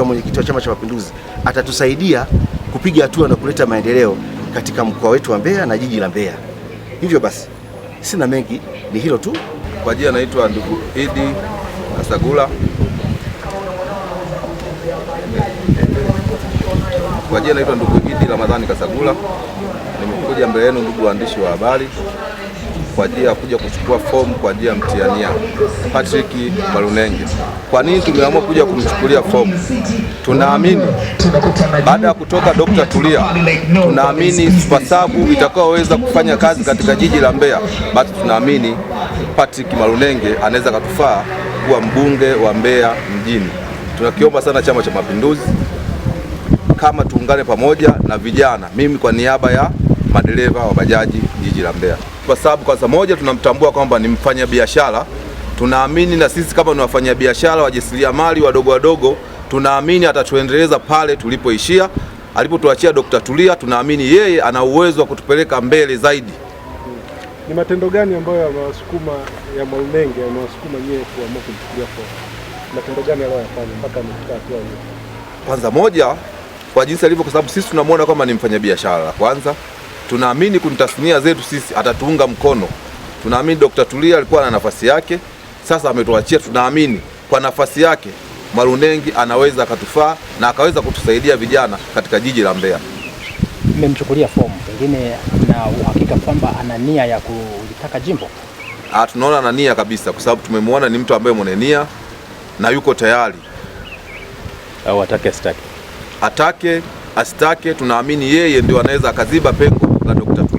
kama mwenyekiti wa Chama cha Mapinduzi atatusaidia kupiga hatua na kuleta maendeleo katika mkoa wetu wa Mbeya na jiji la Mbeya. Hivyo basi sina mengi, ni hilo tu. Kwa jina naitwa ndugu Idi Asagula. Kwa jina naitwa ndugu Idi Ramadhani Kasagula. Nimekuja mbele yenu ndugu waandishi wa habari kwa ajili ya kuja kuchukua fomu kwa ajili ya mtiania Patrick Balunenge. Kwa nini tumeamua kuja kumchukulia fomu? Tunaamini baada ya kutoka Dr. Tulia, tunaamini SuperSabu itakaoweza kufanya kazi katika jiji la Mbeya, basi tunaamini Patrick Malunenge anaweza katufaa kuwa mbunge wa Mbeya mjini. Tunakiomba sana Chama cha Mapinduzi kama tuungane pamoja na vijana, mimi kwa niaba ya madereva wa bajaji jiji la Mbeya kwa sababu kwanza, moja, tunamtambua kwamba ni mfanyabiashara. Tunaamini na sisi kama ni wafanyabiashara wajasiriamali wadogo wadogo, tunaamini atatuendeleza pale tulipoishia. Alipotuachia Dr. Tulia, tunaamini yeye ana uwezo wa kutupeleka mbele zaidi. Ni matendo gani ambayo yamewasukuma ya Mwalunenge yamewasukuma nyewe kuamua kumchukulia kwa matendo gani aliyoyafanya mpaka amefika hatua hiyo? Kwanza moja, kwa jinsi alivyo, kwa sababu sisi tunamwona kwamba ni mfanyabiashara kwanza tunaamini kwenye tasnia zetu sisi atatuunga mkono. Tunaamini Dr. Tulia alikuwa na nafasi yake, sasa ametuachia, tunaamini kwa nafasi yake Marunengi anaweza akatufaa na akaweza kutusaidia vijana katika jiji la Mbeya. Mmemchukulia fomu pengine na uhakika kwamba ana nia ya kulitaka jimbo? Ah, tunaona ana nia kabisa, kwa sababu tumemwona ni mtu ambaye mwenye nia na yuko tayari, au atake asitake, atake asitake, tunaamini yeye ndio anaweza akaziba pengo bukan